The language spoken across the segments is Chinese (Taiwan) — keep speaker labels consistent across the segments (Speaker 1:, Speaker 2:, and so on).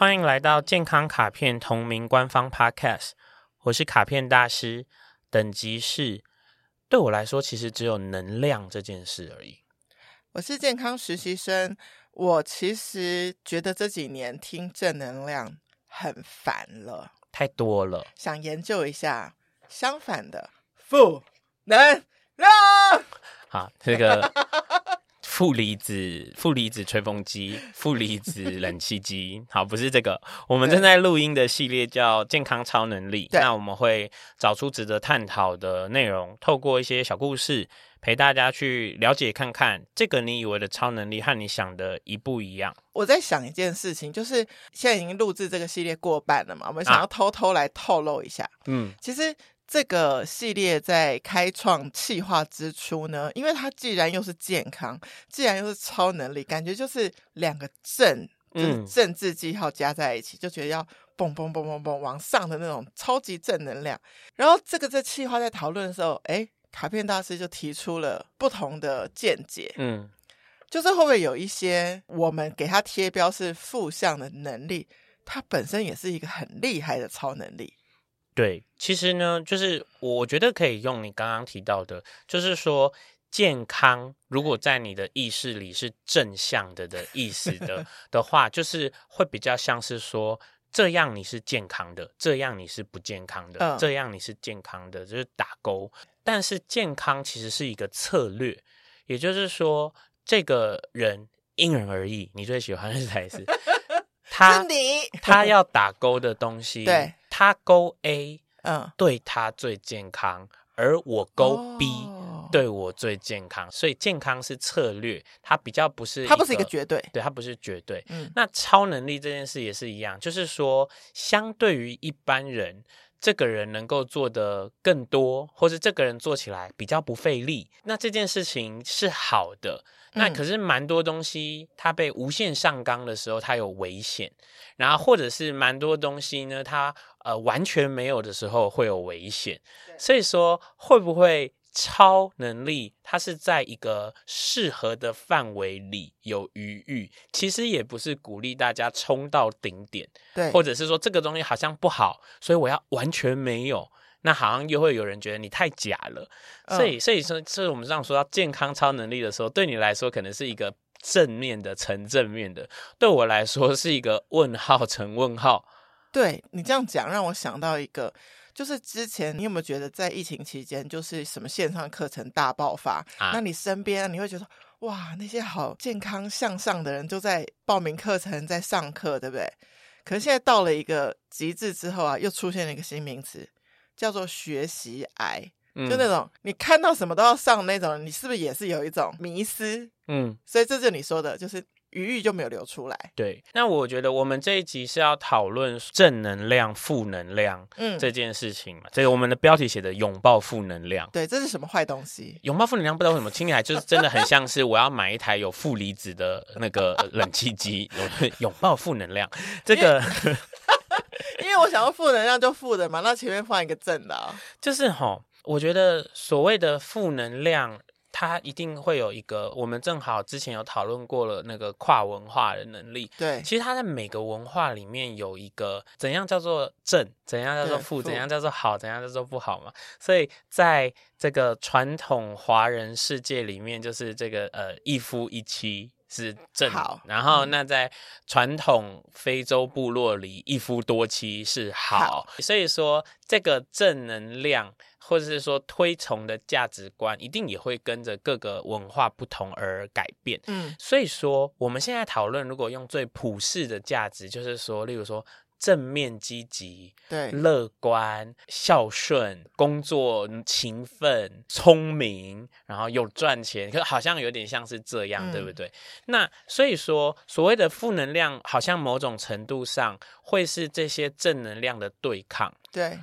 Speaker 1: 歡迎來到健康卡片同名官方 Podcast，我是卡片大師，等級是，對我來說，其實只有能量這件事而已。
Speaker 2: 我是健康實習生，我其實覺得這幾年聽正能量很煩了，
Speaker 1: 太多了，
Speaker 2: 想研究一下相反的負能量。
Speaker 1: 好，這個。 負離子，負離子吹風機，負離子冷氣機， 好，不是這個。我們正在錄音的系列叫《健康超能力》，那我們會找出值得探討的內容，透過一些小故事陪大家去了解看看，這個你以為的超能力和你想的一不一樣？
Speaker 2: 我在想一件事情，就是現在已經錄製這個系列過半了嘛，我們想要偷偷來透露一下，啊、嗯，其實。這個系列在開創企劃之初呢，因為它既然又是健康，既然又是超能力，感覺就是兩個正，就是正字記號加在一起，嗯、就覺得要蹦蹦蹦蹦蹦往上的那種超級正能量。然後這個這企劃在討論的時候，哎，卡片大師就提出了不同的見解，嗯，就是會不會有一些我們給它貼標是負向的能力，它本身也是一個很厲害的超能力。
Speaker 1: 對，其實呢，就是我覺得可以用你剛剛提到的，就是說健康，如果在你的意識裡是正向的的意思的 的話，就是會比較像是說，這樣你是健康的，這樣你是不健康的。嗯，這樣你是健康的，就是打勾。但是健康其實是一個策略，也就是說這個人因人而異。你最喜歡的是哪一
Speaker 2: 他他要
Speaker 1: 打勾的東西， 對，他勾 A，嗯，對他最健康，嗯，而我勾 B，哦，對我最健康。所以健康是策略，它比較不是，它不是一個絕對，對，它不是絕對。嗯，那超能力這件事也是一樣，就是說，相對於一般人。這個人能夠做得更多，或是這個人做起來比較不費力，那這件事情是好的。那可是蠻多東西，它被無限上綱的時候，它有危險。然後，或者是蠻多東西呢，它呃完全沒有的時候會有危險。所以說，會不會？超能力，它是在一個適合的範圍裡有餘裕，其實也不是鼓勵大家衝到頂點，對，或者是說這個東西好像不好，所以我要完全沒有，那好像又會有人覺得你太假了，所以、嗯、所以說，這我們這樣說到健康超能力的時候，對你來說可能是一個正面的成正面的，對我來說是一個問號成問號。
Speaker 2: 對你這樣講，讓我想到一個。就是之前你有沒有覺得在疫情期間，就是什麼線上課程大爆發？啊、那你身邊你會覺得哇，那些好健康向上的人就在報名課程，在上課，對不對？可是現在到了一個極致之後啊，又出現了一個新名詞，叫做“學習癌”，就那種你看到什麼都要上那種，你是不是也是有一種迷思？嗯，所以這就是你說的，就是。余欲就沒有流出來。
Speaker 1: 對，那我覺得我們這一集是要討論正能量、負能量，嗯，這件事情嘛、嗯。這個我們的標題寫的“擁抱負能量”，
Speaker 2: 對，這是什麼壞東西？
Speaker 1: 擁抱負能量不知道為什麼，聽 起來就是真的很像是我要買一台有負離子的那個冷氣機。擁 抱負能量，這個
Speaker 2: 因， 因為我想要負能量就負的嘛，那前面放一個正的、
Speaker 1: 哦。就是吼、哦。我覺得所謂的負能量。他一定會有一個，我們正好之前有討論過了，那個跨文化的能力。對，其實他在每個文化裡面有一個怎樣叫做正，怎樣叫做負，嗯，負，怎樣叫做好，怎樣叫做不好嘛。所以在這個傳統華人世界裡面，就是這個呃一夫一妻。是正好。然後那在傳統非洲部落裡，一夫多妻是好，所以說這個正能量或者是說推崇的價值觀，一定也會跟着各個文化不同而改變。嗯，所以說我們現在討論，如果用最普世的價值，就是說，例如說。正面積極，對，樂觀，孝順，工作勤奮，聰明，然後又賺錢，可好像有點像是這樣，嗯、對不對？那所以說，所謂的負能量，好像某種程度上會是這些正能量的對抗。對，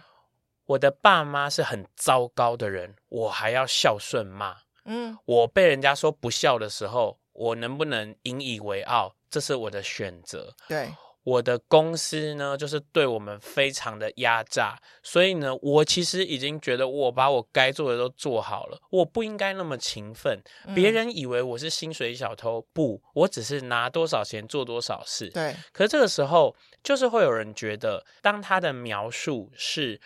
Speaker 1: 我的爸媽是很糟糕的人，我還要孝順嗎？嗯，我被人家說不孝的時候，我能不能引以為傲？這是我的選擇。對。我的公司呢，就是對我們非常的壓榨，所以呢，我其實已經覺得我把我該做的都做好了，我不應該那麼勤奮。嗯、別人以為我是薪水小偷，不，我只是拿多少錢做多少事。對，可是這個時候就是會有人覺得，當他的描述是。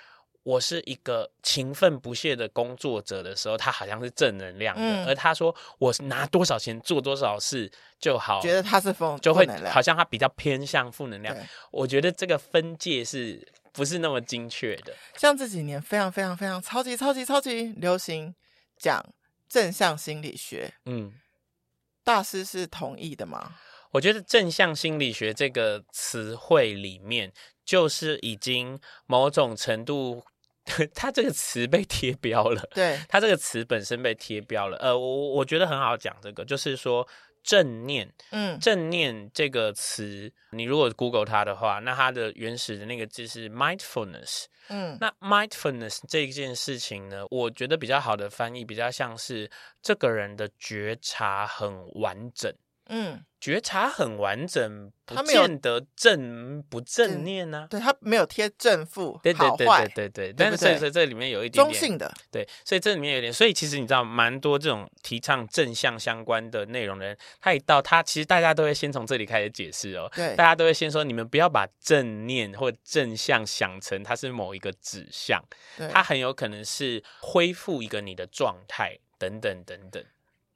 Speaker 1: 我是一個勤奮不懈的工作者的時候，他好像是正能量的。嗯，而他說我拿多少錢做多少事就好，覺得他
Speaker 2: 是負，就會好
Speaker 1: 像他比較偏向負能量。我覺得這個分界是不是那麼精確的。
Speaker 2: 像這幾年非常非常非常超級超級超級流行講正向心理學，嗯，大師是同意的嗎？
Speaker 1: 我覺得正向心理學這個詞彙裡面。就是已經某種程度，它這個詞被貼標了。對，它這個詞本身被貼標了。呃，我我覺得很好講這個，就是說正念。嗯，正念這個詞，你如果 Google 它的話，那它的原始的那個字是 mindfulness。嗯，那 mindfulness 這件事情呢，我覺得比較好的翻譯，比較像是這個人的覺察很完整。嗯，覺察很完整，它沒有不見得正不正念
Speaker 2: 呢、啊嗯。對，他沒有貼正負，好壞對對對對對對。對對但是，其實
Speaker 1: 這裡面有一點點中性的，對，所以這裡面有點。所以，其實你知道，蠻多這種提倡正向相關的內容的人，他一到他，其實大家都會先從這裡開始解釋哦。對，大家都會先說，你們不要把正念或正向想成它是某一個指向，它很有可能是恢復一個你的狀態等等等等。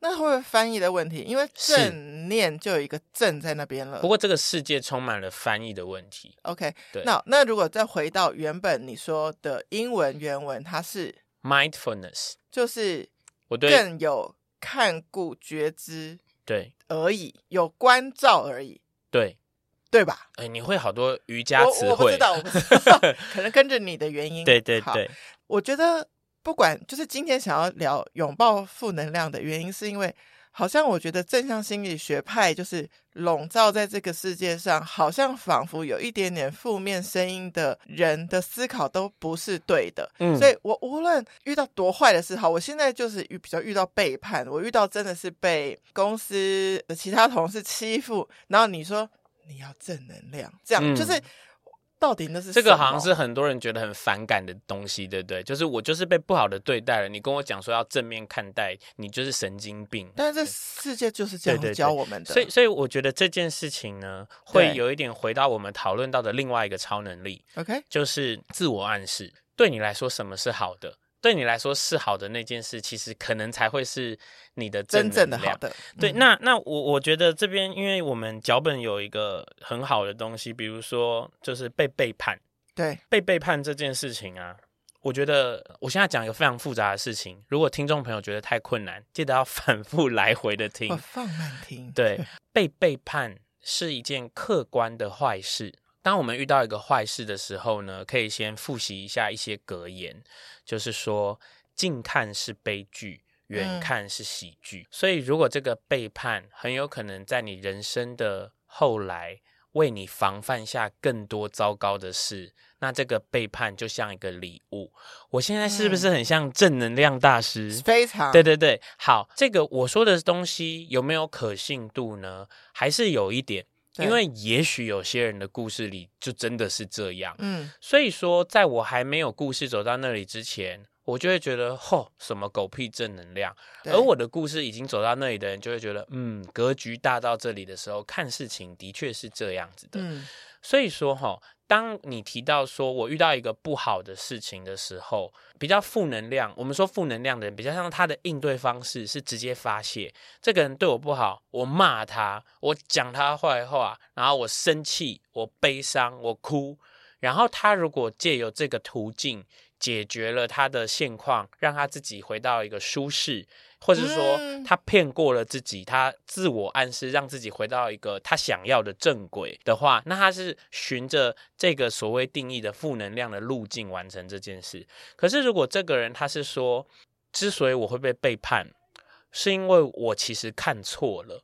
Speaker 2: 那會不會翻譯的問題？因為正念就有一個“正”在那邊了。不過這
Speaker 1: 個世界充滿了翻譯的問題。OK，對。那
Speaker 2: 那如果再回到原本你說的英文原文，它是
Speaker 1: “mindfulness”，
Speaker 2: 就是我對更有看顧覺知，對而已，有關照而已。對，對吧？
Speaker 1: 誒你會好多瑜伽詞彙，我不知道，我不知
Speaker 2: 道， 可能跟着你的原因。對對對，好我覺得。不管就是今天想要聊擁抱負能量的原因，是因為好像我覺得正向心理學派就是籠罩在這個世界上，好像仿佛有一點點負面聲音的人的思考都不是對的。嗯，所以我無論遇到多壞的時候，我現在就是比較遇到背叛，我遇到真的是被公司的其他同事欺負，然後你說你要正能量，這樣、嗯、就是。到底那是這個好像是
Speaker 1: 很多人覺得很反感的東西，對不對？就是我就是被不好的對待了，你跟我講說要正面看待，你就是神經病。
Speaker 2: 但是這世界就是這樣教我們的，對對對，
Speaker 1: 所以所以我覺得這件事情呢，會有一點回到我們討論到的另外一個超能力，OK，就是自我暗示。對你來說，什麼是好的？對你來說是好的那件事，其實可能才會是你的真正的好的。對，嗯、那那我我覺得這邊，因為我們腳本有一個很好的東西，比如說就是被背叛。對，被背叛這件事情啊，我覺得我現在講一個非常複雜的事情，如果聽眾朋友覺得太困難，記得要反復來回的聽，哦、
Speaker 2: 放慢聽。
Speaker 1: 對， 被背叛是一件客觀的壞事。當我們遇到一個壞事的時候呢，可以先複習一下一些格言，就是說近看是悲劇，遠看是喜劇。嗯、所以，如果這個背叛很有可能在你人生的後來為你防範下更多糟糕的事，那這個背叛就像一個禮物。我現在是不是很像正能量大師？嗯、非常，對對對，好。這個我說的東西有沒有可信度呢？還是有一點。因為也許有些人的故事裡就真的是這樣，所以說在我還沒有故事走到那裡之前，我就會覺得，哦，什麼狗屁正能量。而我的故事已經走到那裡的人，就會覺得，嗯，格局大到這裡的時候，看事情的確是這樣子的。嗯，所以說，哦，哈。當你提到說我遇到一個不好的事情的時候，比較負能量，我們說負能量的人比較像他的應對方式是直接發洩。這個人對我不好，我罵他，我講他壞話，然後我生氣，我悲傷，我哭。然後他如果借由這個途徑解決了他的現況，讓他自己回到一個舒適。或是說他騙過了自己，他自我暗示讓自己回到一個他想要的正軌的話，那他是循着這個所謂定義的負能量的路徑完成這件事。可是如果這個人他是說，之所以我會被背叛，是因為我其實看錯了，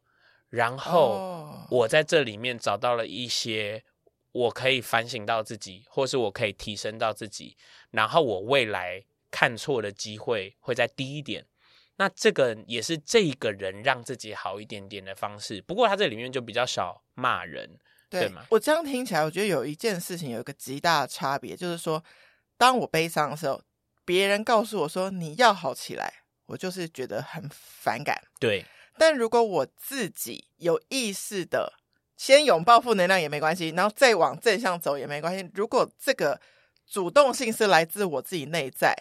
Speaker 1: 然後我在這裡面找到了一些我可以反省到自己，或是我可以提升到自己，然後我未來看錯的機會會再低一點。那這個也是這個人讓自己好一點點的方式，不過他這裡面就比較少罵人，
Speaker 2: 對嗎？對，我這樣聽起來，我覺得有一件事情有一個極大的差別，就是說，當我悲傷的時候，別人告訴我說你要好起來，我就是覺得很反感。對，但如果我自己有意識的先擁抱負能量也沒關係，然後再往正向走也沒關係。如果這個主動性是來自我自己內在，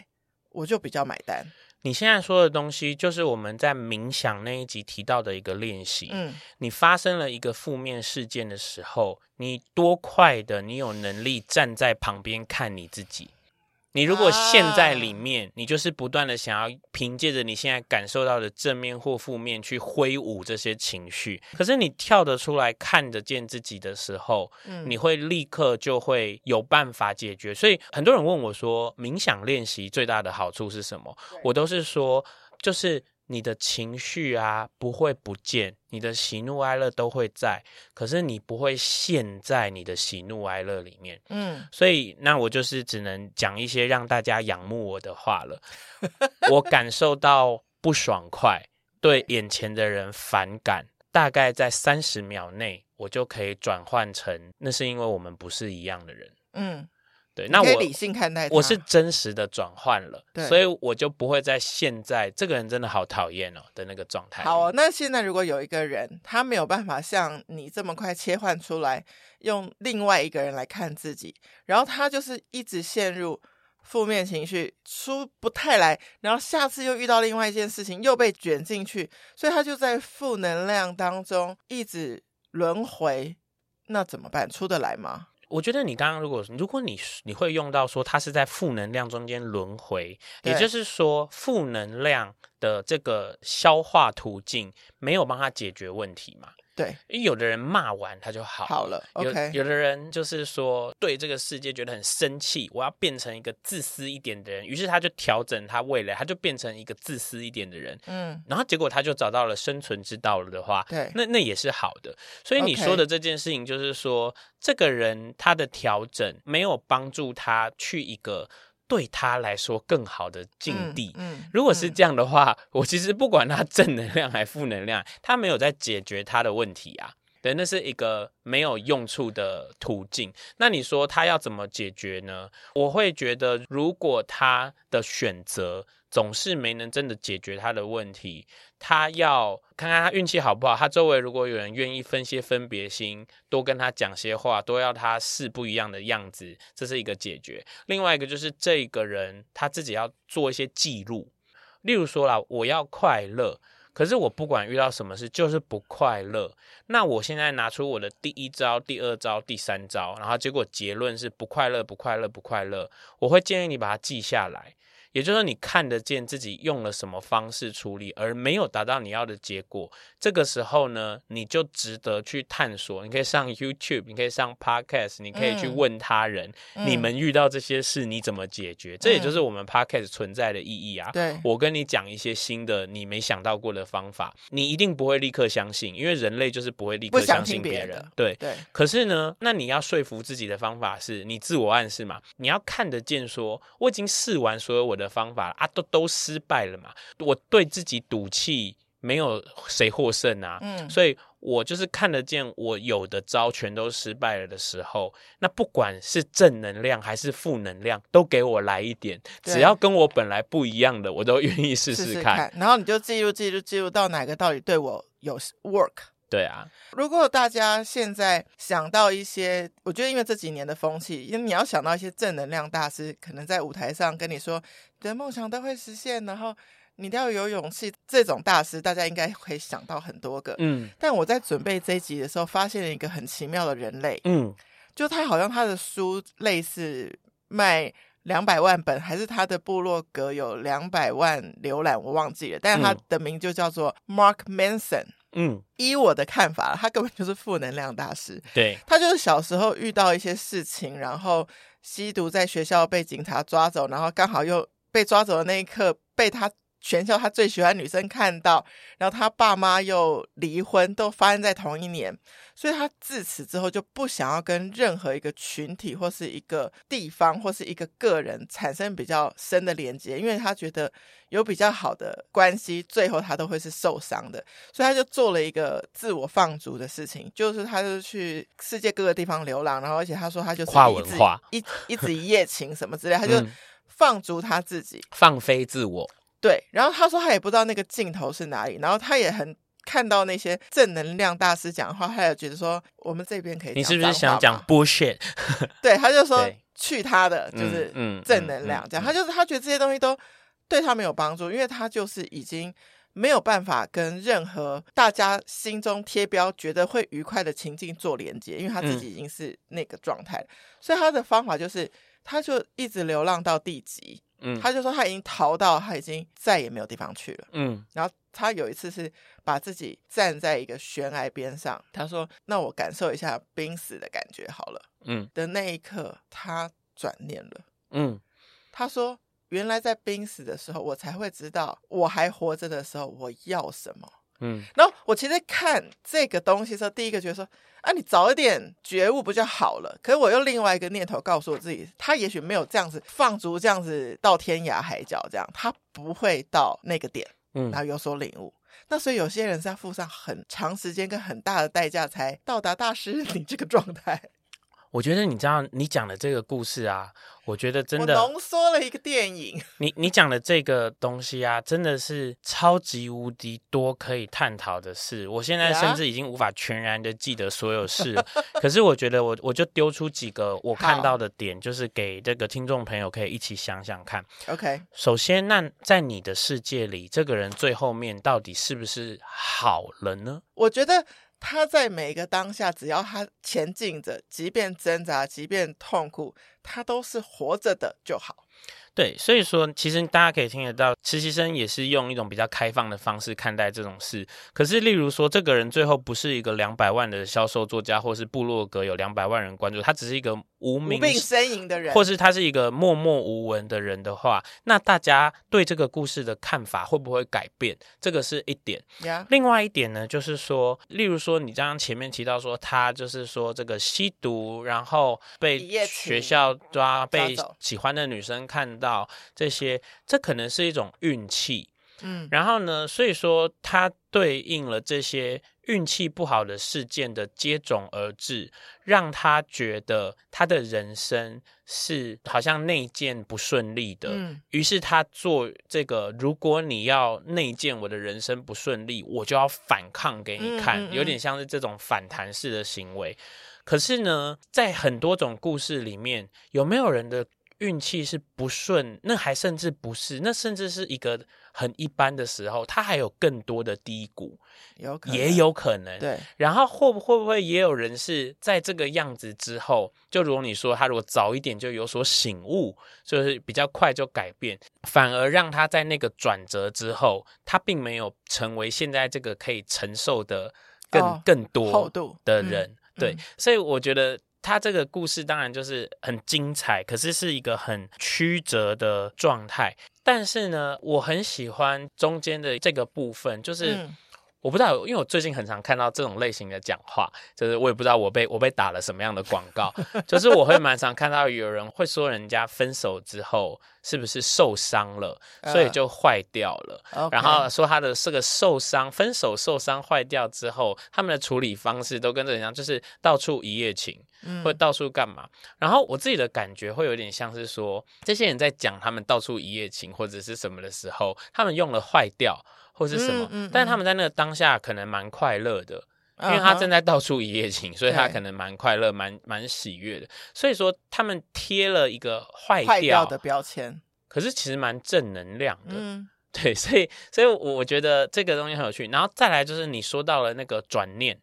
Speaker 2: 我就比較買單。
Speaker 1: 你現在說的東西，就是我們在冥想那一集提到的一個練習。嗯，你發生了一個負面事件的時候，你多快的，你有能力站在旁邊看你自己？你如果陷在裡面，啊、你就是不斷的想要憑借着你現在感受到的正面或負面去揮舞這些情緒。可是你跳得出來、看得見自己的時候，嗯，你會立刻就會有辦法解決。所以很多人問我說，冥想練習最大的好處是什麼？我都是說，就是。你的情緒啊，不會不見，你的喜怒哀樂都會在，可是你不會陷在你的喜怒哀樂裡面。嗯，所以那我就是只能講一些讓大家仰慕我的話了。 我感受到不爽快，對眼前的人反感，大概在三十秒內，我就可以轉換成那是因為我們不是一樣的人。嗯。對，那我可以理
Speaker 2: 性看待，我是
Speaker 1: 真實的轉換了，對。所以我就不會在現在這個人真的好討厭哦的那個狀態。好，
Speaker 2: 那現在如果有一個人，他沒有辦法像你這麼快切換出來，用另外一個人來看自己，然後他就是一直陷入負面情緒，出不太來，然後下次又遇到另外一件事情又被捲進去，所以他就在負能量當中一直輪迴，那怎麼辦？出得來嗎？
Speaker 1: 我覺得你剛剛如果，如果你，你會用到說他是在負能量中間輪迴，也就是說負能量的這個消化途徑沒有幫他解決問題嘛？對，因為有的人罵完他就好好了，有、okay。有的人就是說對這個世界覺得很生氣，我要變成一個自私一點的人，於是他就調整他未來，他就變成一個自私一點的人。嗯，然後結果他就找到了生存之道了的話，對，那那也是好的。所以你說的這件事情就是說，okay、這個人他的調整沒有幫助他去一個。對他來說，更好的境地。嗯嗯嗯。如果是這樣的話，我其實不管他正能量還負能量，他沒有在解決他的問題啊。對，那是一個沒有用處的途徑。那你說他要怎麼解決呢？我會覺得，如果他的選擇總是沒能真的解決他的問題，他要看看他運氣好不好。他周圍如果有人願意分些分別心，多跟他講些話，多要他是不一樣的樣子，這是一個解決。另外一個就是這個人他自己要做一些記錄，例如說啦，我要快樂。可是我不管遇到什麼事，就是不快樂。那我現在拿出我的第一招、第二招、第三招，然後結果結論是不快樂、不快樂、不快樂。我會建議你把它記下來。也就是說，你看得見自己用了什麼方式處理，而沒有達到你要的結果，這個時候呢，你就值得去探索。你可以上 YouTube，你可以上 Podcast，你可以去問他人，嗯、你們遇到這些事你怎麼解決？嗯。這也就是我們 Podcast 存在的意義啊。對、嗯、我跟你講一些新的你沒想到過的方法，你一定不會立刻相信，因為人類就是不會立刻相信別人。別對對。可是呢，那你要說服自己的方法是你自我暗示嘛，你要看得見說，說我已經試完所有我的。的方法啊，都都失敗了嘛！我對自己賭氣，沒有誰獲勝啊。嗯，所以我就是看得見我有的招全都失敗了的時候，那不管是正能量還是負能量，都給我來一點，只要跟我本來不一樣的，我都願意試試看。試試看
Speaker 2: 然後你就記錄記錄，記錄到哪個道理對我有 work。對啊，如果大家現在想到一些，我覺得因為這幾年的風氣，因為你要想到一些正能量大師，可能在舞台上跟你說你的夢想都會實現，然後你都要有勇氣，這種大師大家應該會想到很多個。嗯，但我在準備這一集的時候，發現了一個很奇妙的人類。嗯，就他好像他的書類似賣兩百萬本，還是他的部落格有兩百萬瀏覽，我忘記了。但是他的名就叫做 Mark Manson。嗯，依我的看法，他根本就是負能量大師。對，他就是小時候遇到一些事情，然後吸毒，在學校被警察抓走，然後剛好又被抓走的那一刻，被他。全校他最喜歡女生看到，然後他爸媽又離婚，都發生在同一年，所以他自此之後就不想要跟任何一個群體或是一個地方或是一個個人產生比較深的連接，因為他覺得有比較好的關係，最後他都會是受傷的，所以他就做了一個自我放逐的事情，就是他就去世界各個地方流浪，然後而且他說他就跨文化 一一直一夜情什麼之類的，他就放逐他自己，
Speaker 1: 放飛自我。
Speaker 2: 對，然後他說他也不知道那個盡頭是哪裡，然後他也很看到那些正能量大師講話，他也覺得說我們這邊可以講。你是不是想
Speaker 1: 講 bullshit？
Speaker 2: 對，他就說去他的，就是正能量這樣。嗯嗯嗯嗯嗯、他就是他覺得這些東西都對他沒有幫助，因為他就是已經沒有辦法跟任何大家心中貼標覺得會愉快的情境做連接，因為他自己已經是那個狀態了。嗯、所以他的方法就是，他就一直流浪到地極。嗯，他就說他已經逃到，他已經再也沒有地方去了。嗯，然後他有一次是把自己站在一個懸崖邊上，他說：“那我感受一下瀕死的感覺好了。”嗯，的那一刻他轉念了。嗯，他說：“原來在瀕死的時候，我才會知道我還活着的時候我要什麼。”嗯，然後我其實看這個東西的時候，第一個覺得說，啊，你早一點覺悟不就好了？可是我又另外一個念頭告訴我自己，他也許沒有這樣子放逐，這樣子到天涯海角，這樣他不會到那個點，嗯，然後有所領悟。嗯。那所以有些人是要付上很長時間跟很大的代價，才到達大師你這個狀態。
Speaker 1: 我覺得你知道你講的這個故事啊，我覺得真的濃
Speaker 2: 縮了一個電影。
Speaker 1: 你你講的這個東西啊，真的是超級無敵多可以探討的事。我現在甚至已經無法全然的記得所有事了，啊、 可是我覺得我我就丟出幾個我看到的點，就是給這個聽眾朋友可以一起想想看。OK，首先那在你的世界裡，這個人最後面到底是不是好人呢？
Speaker 2: 我覺得。他在每一個當下，只要他前進着，即便掙扎，即便痛苦，他都是活着的就好，
Speaker 1: 對，所以說其實大家可以聽得到，實習生也是用一種比較開放的方式看待這種事。可是，例如說，這個人最後不是一個兩百萬的銷售作家，或是部落格有兩百萬人關注，他只是一個無名呻吟的人，或是他是一個默默無聞的人的話，那大家對這個故事的看法會不會改變？這個是一點。Yeah. 另外一點呢，就是說，例如說，你剛剛前面提到說，他就是說這個吸毒，然後被學校，抓，被喜歡的女生看到這些，這可能是一種運氣。嗯，然後呢？所以說，他對應了這些運氣不好的事件的接踵而至，讓他覺得他的人生是好像內建不順利的。嗯，於是他做這個，如果你要內建我的人生不順利，我就要反抗給你看，嗯嗯嗯，有點像是這種反彈式的行為。可是呢，在很多種故事裡面，有沒有人的運氣是不順？那還甚至不是，那甚至是一個很一般的時候，他還有更多的低谷，
Speaker 2: 有也有
Speaker 1: 可能。對。然後會會不會也有人是在這個樣子之後？就如果你說，他如果早一點就有所醒悟，就是比較快就改變，反而讓他在那個轉折之後，他並沒有成為現在這個可以承受的更、哦、更多的人。對，所以我覺得他這個故事當然就是很精彩，可是是一個很曲折的狀態。但是呢，我很喜歡中間的這個部分，就是。我不知道，因為我最近很常看到這種類型的講話，就是我也不知道我被我被打了什麼樣的廣告， 就是我會蠻常看到有人會說人家分手之後是不是受傷了，所以就壞掉了，uh, okay. 然後說他的是個受傷分手受傷壞掉之後，他們的處理方式都跟著人家就是到處一夜情，嗯，或到處幹嘛。然後我自己的感覺會有點像是說，這些人在講他們到處一夜情或者是什麼的時候，他們用了壞掉。
Speaker 2: 或是什麼、嗯嗯嗯，但他們在
Speaker 1: 那個當下可能蠻快樂的、
Speaker 2: 嗯，因為他正在
Speaker 1: 到處一夜情、嗯，所以他可能蠻快樂、蠻蠻喜悅的。所以說，他們貼了一個壞掉、壞掉的標籤，可是其實蠻正能量的、嗯。對，所以，所以，我我覺得這個東西很有趣。然後再來就是你說到了那個轉念，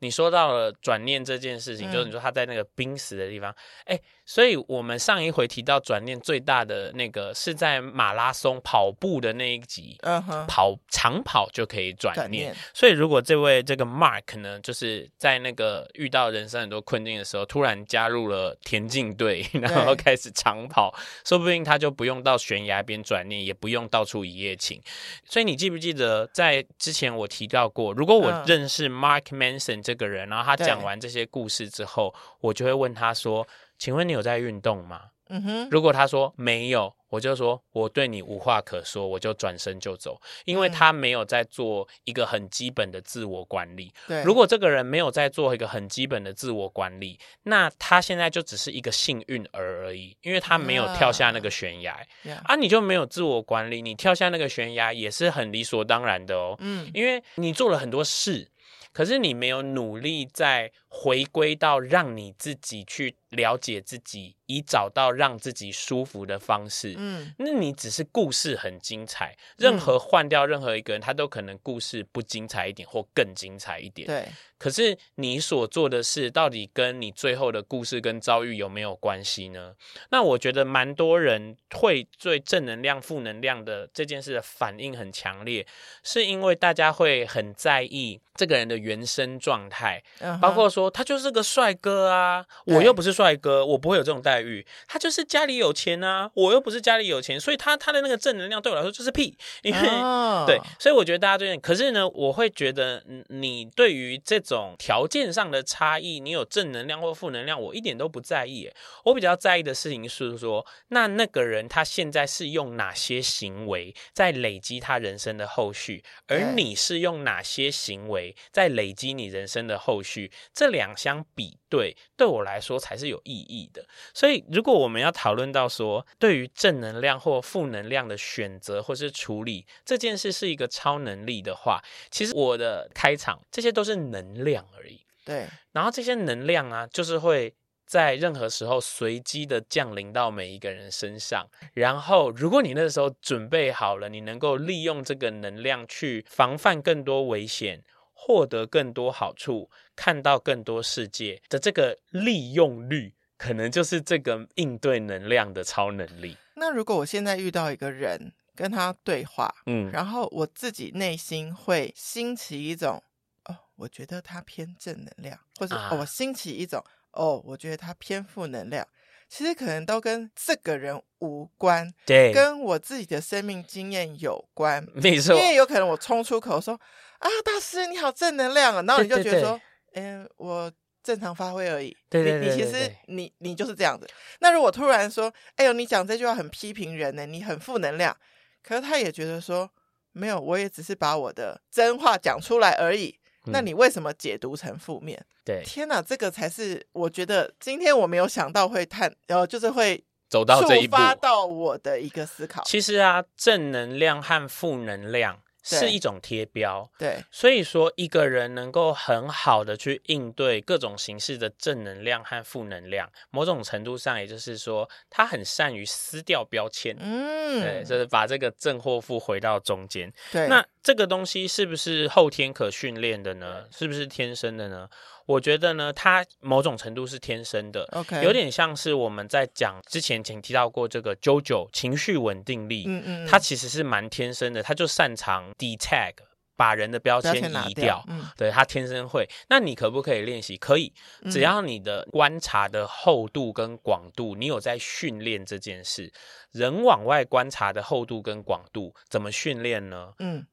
Speaker 1: 你說到了轉念這件事情、嗯，就是你說他在那個瀕死的地方，哎、欸。所以我們上一回提到轉念最大的那個是在馬拉松跑步的那一集，Uh-huh. 跑長跑就可以轉，轉念。所以如果這位這個 Mark 呢，就是在那個遇到人生很多困境的時候，突然加入了田徑隊，然後開始長跑，說不定他就不用到懸崖邊轉念，也不用到處一夜情。所以你記不記得在之前我提到過，如果我認識 Mark Manson 這個人，然後他講完這些故事之後，我就會問他說。請問你有在運動嗎？嗯哼，如果他說沒有，我就說我對你無話可說，我就轉身就走，因為他沒有在做一個很基本的自我管理。對、mm -hmm.，如果這個人沒有在做一個很基本的自我管理，那他現在就只是一個幸運兒而已，因為他沒有跳下那個懸崖，yeah. 啊，你就沒有自我管理，你跳下那個懸崖也是很理所當然的哦。嗯、mm -hmm.，因為你做了很多事，可是你沒有努力再回歸到讓你自己去了解自己，以找到讓自己舒服的方式。嗯，那你只是故事很精彩，任何換掉任何一個人，嗯，他都可能故事不精彩一點或更精彩一點。對。可是你所做的事，到底跟你最後的故事跟遭遇有沒有關係呢？那我覺得蠻多人會對正能量、負能量的這件事的反應很強烈，是因為大家會很在意這個人的原生狀態，uh-huh，包括說他就是個帥哥啊，我又不是。帥哥，我不會有這種待遇。他就是家裡有錢啊，我又不是家裡有錢，所以他，他他的那個正能量對我來說就是屁。因、oh. 為 對，所以我覺得大家對，可是呢，我會覺得你對於這種條件上的差異，你有正能量或負能量，我一點都不在意。我比較在意的事情是說，那那個人他現在是用哪些行為在累積他人生的後續，而你是用哪些行為在累積你人生的後續，hey. 這兩相比。對，對我來說才是有意義的。所以，如果我們要討論到說，對於正能量或負能量的選擇或是處理這件事是一個超能力的話，其實我的開場這些都是能量而已。對，然後這些能量啊，就是會在任何時候隨機的降臨到每一個人身上。然後，如果你那時候準備好了，你能夠利用這個能量去防範更多危險，獲得更多好處，看到更多世界的這個利用率，可能就是這個應對能量的超能
Speaker 2: 力。那如果我現在遇到一個人，跟他對話，嗯，然後我自己內心會興起一種，哦，我覺得他偏正能量，或者、啊哦、我興起一種，哦，我覺得他偏負能量。其實可能都跟這個人無關，對，跟我自己的生命經驗有關，沒錯。因為有可能我衝出口說啊，大師，你好正能量啊，然後你就覺得說，嗯、欸，我正常發揮而已。對對對對，對你。你其實你你就是這樣子。那如果突然說，哎、欸、呦，你講這句話很批評人呢，你很負能量，可是他也覺得說，沒有，我也只是把我的真話講出來而已。那你為什麼解讀成負面？對，天哪、啊，這個才是我覺得今天我沒有想到會探，呃，就是會走到，觸發到我的一個思考。其
Speaker 1: 實啊，正能量和負能量。是一種貼標，對，所以說一個人能夠很好的去應對各種形式的正能量和負能量，某種程度上也就是說，他很善於撕掉標籤，嗯，對，就是把這個正或負回到中間。對，那這個東西是不是後天可訓練的呢？是不是天生的呢？我覺得呢，他某種程度是天生的、okay. 有點像是我們在講之前，前，曾提到過這個 Jojo 情緒穩定力，嗯嗯，他其實是蠻天生的，他就擅長 detag，把人的標籤移掉，標籤拿掉，嗯，對，他天生會。那你可不可以練習？可以，只要你的觀察的厚度跟廣度，你有在訓練這件事，人往外觀察的厚度跟廣度，怎麼訓練呢？嗯。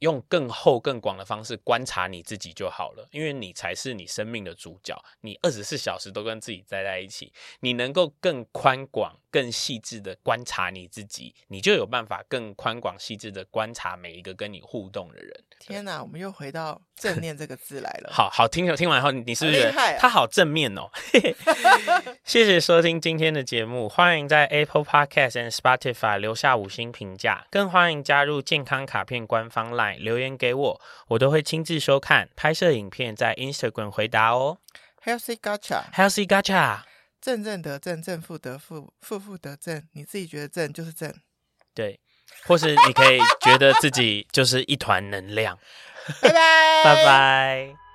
Speaker 1: 用更厚、更廣的方式觀察你自己就好了，因為你才是你生命的主角。你二十四小時都跟自己待在一起，你能夠更寬廣、更細緻的觀察你自己，你就有辦法更寬廣、細緻的觀察每一個跟你互動的
Speaker 2: 人。天哪，我們又回到正面這個字來了。
Speaker 1: 好好聽，聽完後你是不是？厲害、啊，他好正面哦。 謝謝收聽今天的節目，歡迎在 Apple Podcast 和 Spotify 留下五星評價，更歡迎加入健康卡片官方 LINE。留言給我，我都會親自收看、拍攝影片，在 Instagram 回答哦。
Speaker 2: Healthy Gotcha，Healthy Gotcha，正正得正，正負得負，負負得正。你自己覺得正就是正，
Speaker 1: 對，或是你可以覺得自己就是一團能量。
Speaker 2: 拜 拜， 拜拜。